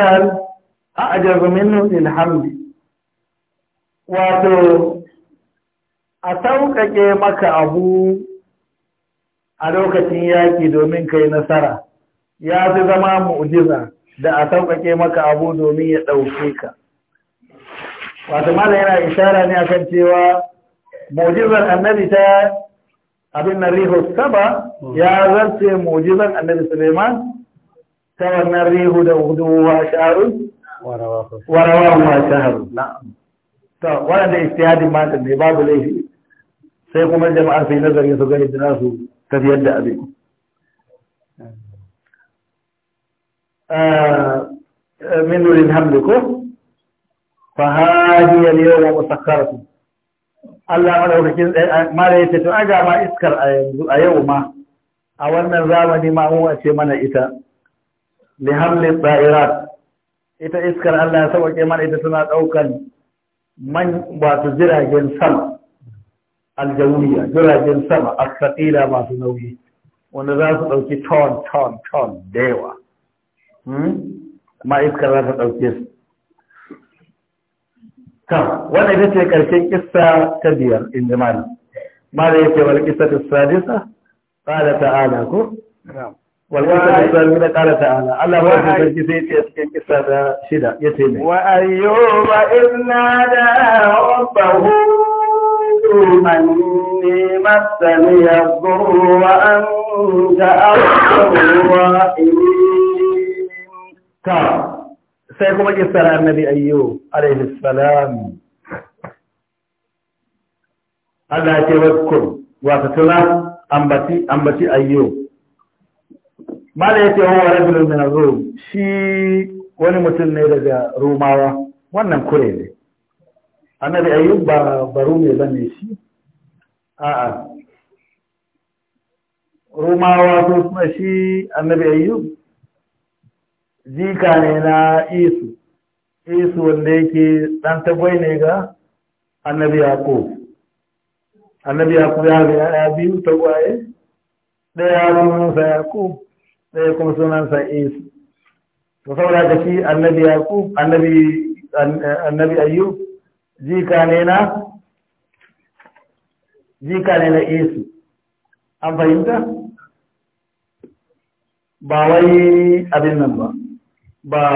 أعجب منه ilhamdi wato a sauƙaƙe maka abu a lokacin yaƙi domin kai nasara ya fi zama mu'jiza da a sauƙaƙe maka abu domin ya ɗauke ka wato mana yana ishara ne akan cewa mu'jizar annabi ta abin na riho saba ya zarce mu'jizar annabi suleiman ta wannan rihu da hudu wa sha'arun warawa ma shaharu na'am to wannan da ijtihadin malam ne babu laifi sai kuma jama'a sai nazarin su gani da su da abin من الحمد كو فهذه اليوم مسخرة Allah madaukakin mala ya aga ma iskar a yanzu a yau ma a wannan zamani ma mu ce mana ita li hamli tsairat ita iskar Allah ya sauke mana ita tana ɗaukan man wato jiragen sama aljawiya jiragen sama asaqila masu nauyi wanda za su ɗauki ton ton ton da yawa hmm? ma iskar za ta ɗauke su ta wanda ita ce ƙarshen kissa ta biyar in ji mana ma da yake wal kissa ta sadisa ta'ala ko na'am والمتكبرون قال تعالى الله هو في سيتي قصة شدة يتيم وأيوب إذ نادى ربه مني مسني الضر وأنت أرحم الراحمين سيكون قصة النبي أيوب عليه السلام الله يتوكل وفتنا أنبتي أنبتي أيوب mala wa wa rajulun min ar-rum shi wani mutum ne daga rumawa wannan kure ne annabi ayyub ba baro ne bane shi a'a rumawa ko kuma shi annabi ayyub jika ne na isu isu wanda yake dan tagwai ne ga annabi yaqub annabi yaqub ya ga biyu tagwaye ya ruwan sa yaqub ɗaya kuma sunansa Isu to saboda da shi annabi Yaqub annabi annabi Ayyub jika ne na jika ne na Isu an fahimta ba wai abin nan ba ba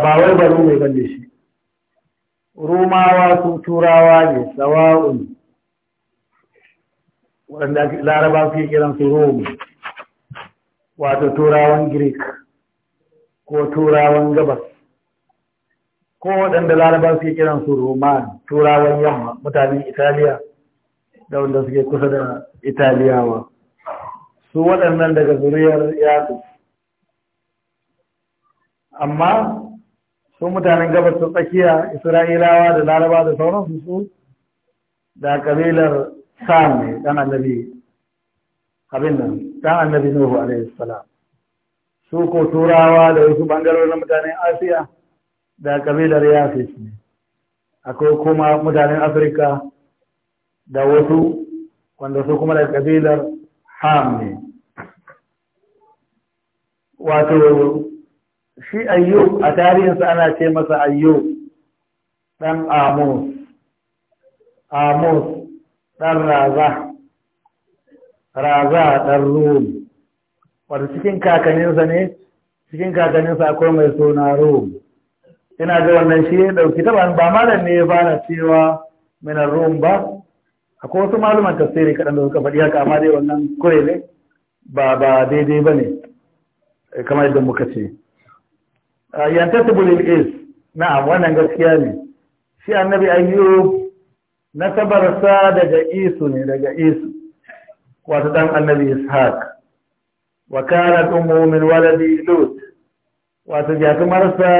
ba wai ba ne ban da shi rumawa su turawa ne sawa'un waɗanda laraba suke kiran su rome wato turawan greek ko turawan gabas ko waɗanda laraba suke kiran su roman turawan yamma mutanen italiya da wanda suke kusa da italiyawa su waɗannan daga zuriyar yaƙi amma su mutanen gabas ta tsakiya isra'ilawa da laraba da sauransu su da kabilar sami dan annabi abin nan dan annabi nuhu alaihi salam su ko turawa da wasu bangarorin mutanen asiya da kabilar yafis ne akwai kuma mutanen afirka da wasu wanda su kuma da kabilar ham ne wato shi ayyub a tarihinsa ana ce masa ayyub dan amos amos ɗan raza raza ɗan rum wata cikin kakaninsa ne cikin kakaninsa akwai mai suna rum ina ga wannan shi ya ɗauki taban ba malam ne ya fara cewa minan rum ba akwai wasu malaman tafsiri kaɗan da suka faɗi haka amma dai wannan kure ne ba ba daidai ba ne kamar yadda muka ce ah, yanta tubulil is na'am wannan gaskiya ne shi annabi ayyub nasabarsa daga isu ne daga isu wato dan annabi ishaq wa kanat ummu min waladi lut wato jatumarsa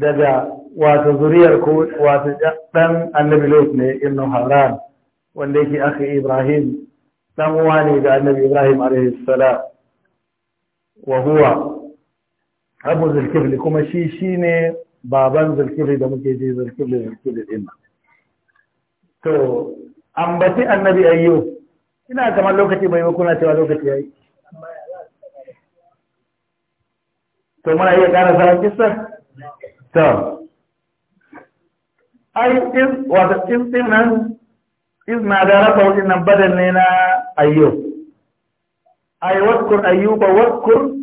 daga wato zuriyar ko wato dan annabi lut ne ibnu haran wanda yake akhi ibrahim dan uwa ne ga annabi ibrahim alaihi salam wa huwa abu zulkifli kuma shi shine baban zulkifli da muke ji zulkifli zulkifli din to ambaci annabi ayyo ina kamar lokaci bai ba kuna cewa lokaci yi. to muna iya ƙara sarar kissa to ai is wata is din nan is na da rafa wajen nan badan ne na ayyo ai waskur ayyuba waskur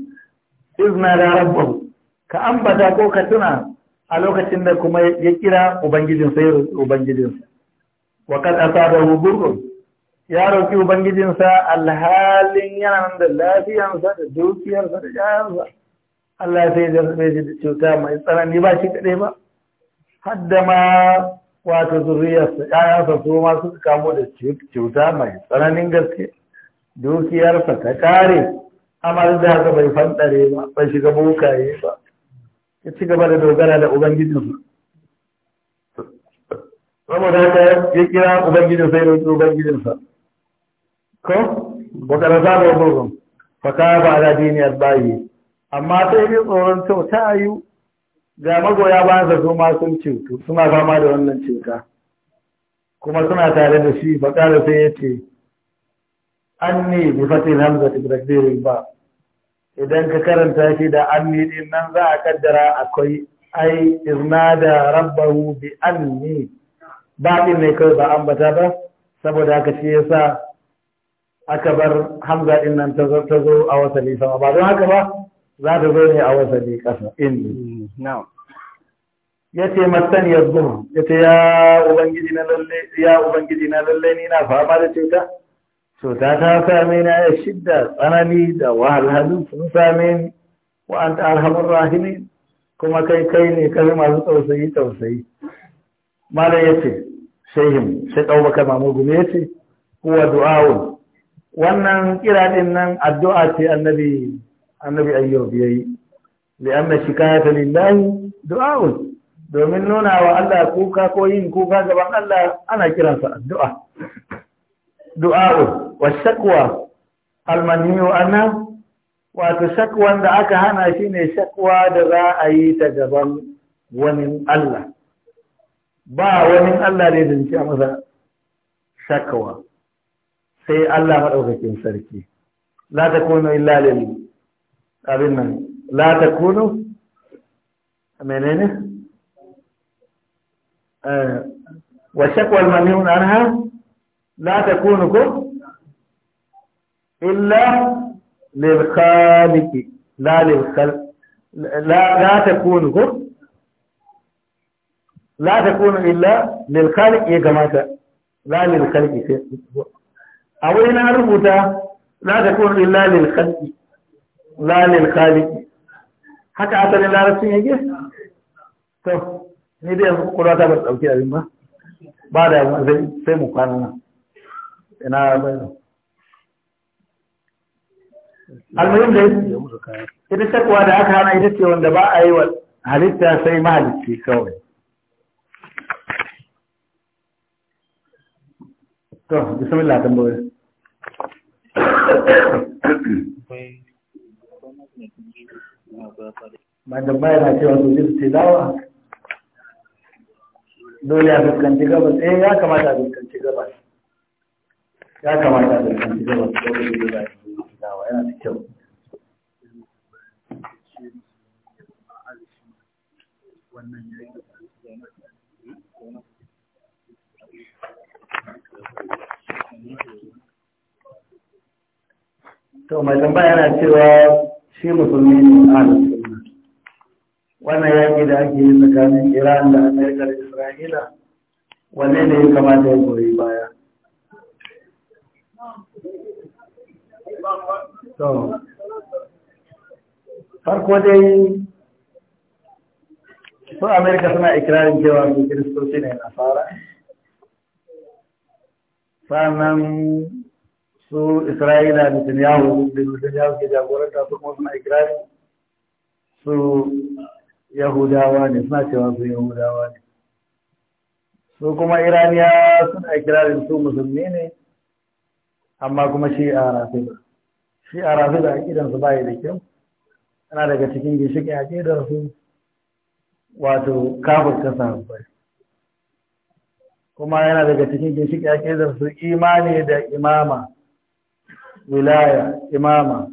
is na da rafa ka ambata ko ka tuna a lokacin da kuma ya kira ubangijin sai ubangijinsa wakar kad asabahu ya roƙi ubangijinsa alhalin yana nan da lafiyansa da dukiyarsa da yayansa Allah sai ya zarbe da cuta mai tsanani ba shi kaɗai ba hadda ma wato zuriyarsa yayansa su ma suka kamo da cuta mai tsananin gaske dukiyarsa ta kare amma da haka bai fanɗare ba bai shiga bokaye ba ya ci gaba da dogara da ubangijinsa saboda haka ya kira ubangijin sai roƙi ubangijinsa ko bakara za da bugun faka ba da diniyar bayi amma sai ji tsoron kyau ta ayu ga magoya ba sa su ma sun cutu suna fama da wannan cuta kuma suna tare da shi da sai ya ce anni bi fatin hamza ta ba idan ka karanta shi da ne din nan za a kaddara akwai ai izna da rabbahu bi anni Ba ɗin ne kawai ba ambata ba saboda haka shi ya sa aka bar hamza ɗin nan ta zo a wasali sama ba don haka ba za ta zo ne a wasali ƙasa inni ya ce mastan ya zuma ya ce ya ubangiji na lalle ya ubangiji na lalle ni na fama da cuta cuta ta same na ya shidda tsanani da wahalhalu sun same ni wa an arhamur rahimin kuma kai kai ne kai masu tausayi tausayi malam ya ce shehin sai abubakar mamu gumi ya ce Kuwa du'awun wannan kira din nan addu'a ce annabi annabi ayyub yayi da anna shikayata lillahi du'awun domin nuna wa Allah kuka ko yin kuka gaban Allah ana kiransa addu'a du'awu wa shakwa almaniyu anna wato shakwan da aka hana shi ne shakwa da za a yi ta gaban wani Allah ba wani Allah da ya zance masa shakawa sai Allah maɗaukakin sarki la ta kuno illa lil abin nan la ta kuno menene wa shakwa al-mamnun anha la ta kuno ko illa lil khaliq la lil khal la la ta kuno ko la ta kuna illa lil ya gamata la lil khaliq sai a wani na rubuta la ta kuna illa lil khaliq la lil khaliq haka asalin larabcin yake to ni dai yanzu ta ba dauki abin ba ba da sai mu kwana ina bayan almuhim dai ita takwa da aka hana ita ce wanda ba a yi wa halitta sai mahalicci kawai to bismillah tambayoyi Madam Baya na cewa su su ce dawa dole a fuskanci gabas eh ya kamata a fuskanci gabas ya kamata a fuskanci gabas dole ne da dawa yana da kyau wannan ya yi to mai tambaya yana cewa shi musulmi ne a wannan yaƙi da ake yi tsakanin iran da amerika da isra'ila wanne ne ya kamata ya goyi baya to farko dai su amerika suna ikirarin cewa su kiristoci ne fara. sannan su isra'ila da tanyahu da tanyahu ke jagoranta su kuma suna ikirari su yahudawa ne suna cewa su yahudawa ne su kuma iraniya suna ikirari su musulmi ne amma kuma shi a rafida shi a rafida a kidansu bayi da kyau ana daga cikin gishikin a kidansu wato kafin kasa bai kuma yana daga cikin ginshiƙi ake da su imani da imama wilaya imama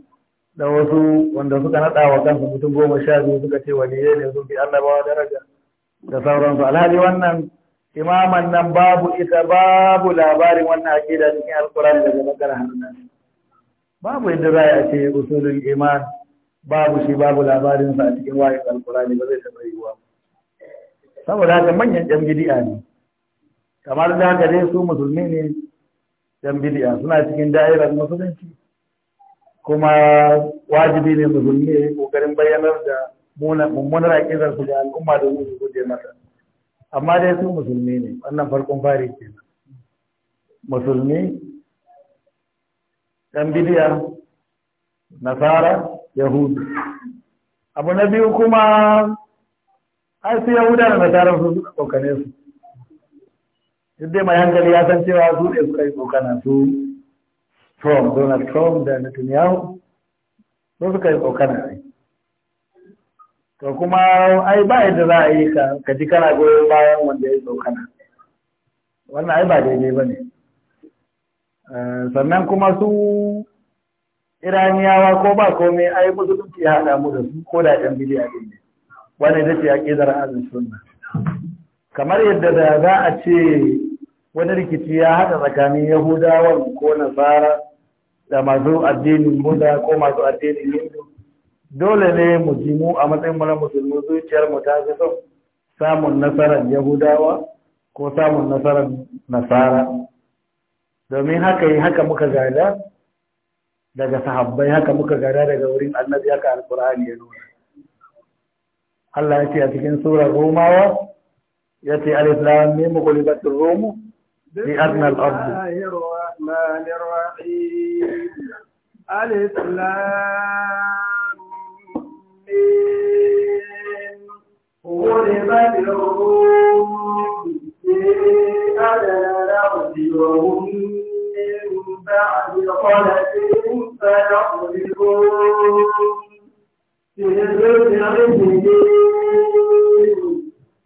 da wasu wanda suka naɗa wa kansu mutum goma sha biyu suka ce waliyai ne su bi annabawa daraja da sauransu alhali wannan imaman nan babu ita babu labarin wannan da cikin alkurani daga bakara hannun babu yadda za a ce usulul iman babu shi babu labarin a cikin wayin alkurani ba zai taɓa yiwuwa saboda haka manyan jan ne kamar da haka dai su musulmi ne yan bidiya suna cikin da'irar musulunci kuma wajibi ne musulmi ya yi kokarin bayyanar da mummunar aƙidar su ga al'umma da su guje mata amma dai su musulmi ne wannan farkon fari ke musulmi yan bidiya nasara yahudu abu na biyu kuma ai su yahuda da nasara su suka kokane su duk dai mai hankali ya san cewa su ne suka yi tsokana su Trump, Donald Trump da Netanyahu su suka yi tsokana ne. To kuma ai ba yadda za a yi ka ji kana goyon bayan wanda ya yi tsokana. Wannan ai ba daidai ba ne. Eh, sannan kuma su Iraniyawa ko ba komai ai musu duk ya haɗa mu da su ko da ɗan biliya ne. Wannan ya ce aƙidar azin sunna. kamar yadda da za a ce wani rikici ya haɗa tsakanin Yahudawa ko nasara da masu addinin buda ko masu addinin hindu dole ne mu ji mu a matsayin mu na musulmi zuciyar mu ta fi son samun nasarar yahudawa ko samun nasarar nasara domin haka yi haka muka gada daga sahabbai haka muka gada daga wurin annabi haka alkur'ani ya nuna Allah ya ce a cikin surar Romawa يأتي ألف لام ميم غلبت الروم في أدنى الأرض بسم الله الرحمن الرحيم ألف لام ميم غلبت الروم في أدنى الأرض وهم من بعد غلبهم سيغلبون في الرجع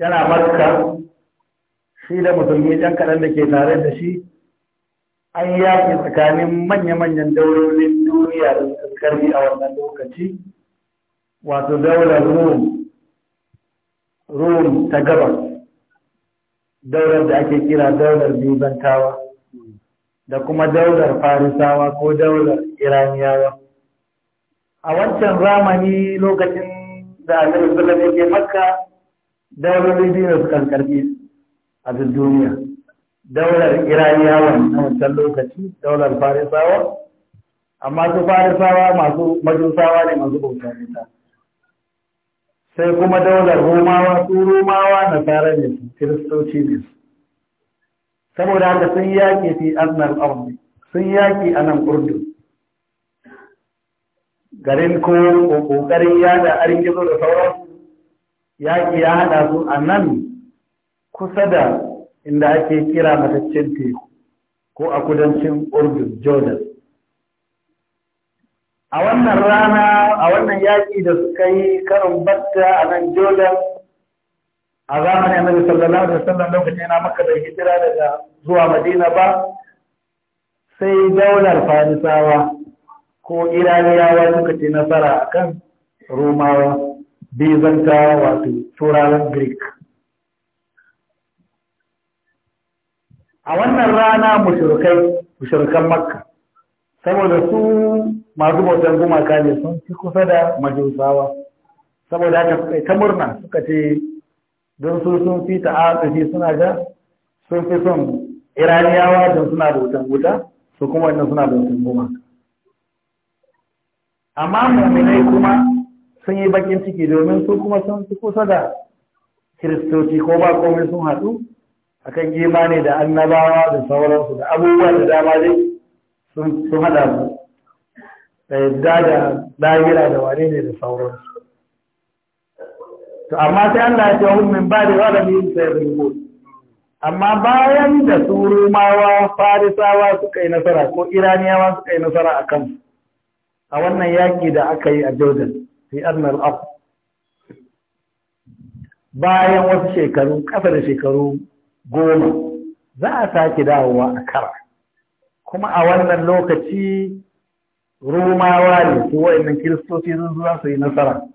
yana makka shi da musulmi ɗan kaɗan da ke tare da shi an yaƙi tsakanin manya-manyan daurorin duniya da suka a wannan lokaci wato daular rum rum ta Gaba, daular da ake kira daular bizantawa da kuma daular farisawa ko daular iraniyawa a wancan zamani lokacin da annabi ke makka dauloli biyu da kan karbi a duk duniya daular iraniyawa na wancan lokaci daular farisawa amma su farisawa masu majusawa ne masu bauta nisa sai kuma daular romawa su romawa na tsara ne su kiristoci ne su saboda haka sun yaƙi fi aznar ardi sun yaƙi a nan urdu garin ko ƙoƙarin yada arin gizo da sauransu yaƙi ya haɗa su a nan kusa da inda ake kira mataccen teku ko a kudancin urdun jordan a wannan rana a wannan yaƙi da suka yi karin batta a nan jordan a zamanin annabi sallallahu alaihi wasallam lokacin yana maka da hijira daga zuwa madina ba sai daular farisawa ko iraniyawa suka ci nasara akan romawa bizanta wato turawan greek a wannan rana mushrikai mushrikan makka saboda su masu bautan gumaka ne sun ci kusa da majusawa saboda haka suka yi ta murna suka ce don su sun fi ta'atufi suna ga sun fi son iraniyawa don suna da wutan wuta su kuma wannan suna da wutan gumaka amma mummunai kuma sun yi bakin ciki domin su kuma sun fi kusa da kiristoci ko ba komai sun haɗu akan ne da annabawa da sauransu da abubuwa da dama dai sun haɗa su. da yadda da ɗagira da wane ne da sauransu to amma sai Allah ya ce wa min ba da walamin sai rubu amma bayan da su rumawa farisawa suka yi nasara ko iraniyawa suka yi nasara a kansu a wannan yaƙi da aka yi a jordan fi bayan wasu shekaru ƙasa da shekaru goma za a sake dawowa a kara kuma a wannan lokaci rumawa ne su wa'annan kiristoci sun zuwa su yi nasara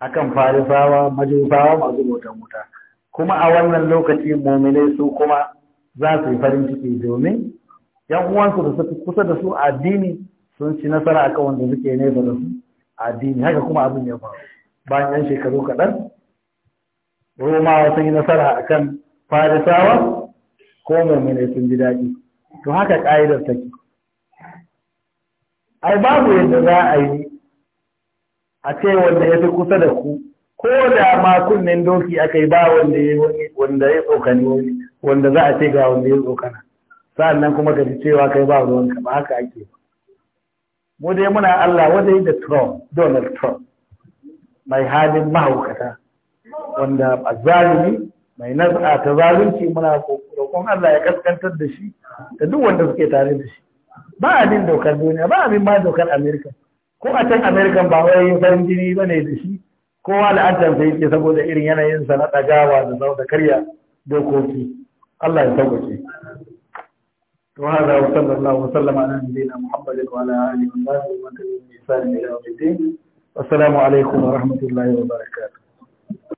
akan farisawa majusawa masu bautan wuta kuma a wannan lokaci muminai su kuma za su yi farin ciki domin yan uwansu da suka kusa da su addini sun ci nasara akan wanda suke nesa da su addini haka kuma abin ya faru bayan yan shekaru kaɗan romawa sun yi nasara a kan farisawa ko mummune sun ji daɗi to haka ƙa'idar take ai babu yadda za a yi a ce wanda ya fi kusa da ku ko da ma kunnen doki aka yi ba wanda ya wanda ya tsokani wani wanda za a ce ga wanda ya tsokana sa'an nan kuma ka ji cewa kai ba ruwanka ba haka ake ba mu dai muna Allah wanda da Trump Donald Trump mai halin mahaukata wanda zalimi mai nasa ta zalunci muna roƙon Allah ya kaskantar da shi da duk wanda suke tare da shi ba abin dokar duniya ba abin ma dokar Amerika ko a can Amerika ba wai farin jini ne da shi kowa la'antar sai yake saboda irin yanayin na gawa da sau da karya dokoki Allah ya sauƙaƙe وهذا وصلى الله وسلم على نبينا محمد وعلى اله وصحبه ومن تبعهم باحسان الى يوم الدين والسلام عليكم ورحمه الله وبركاته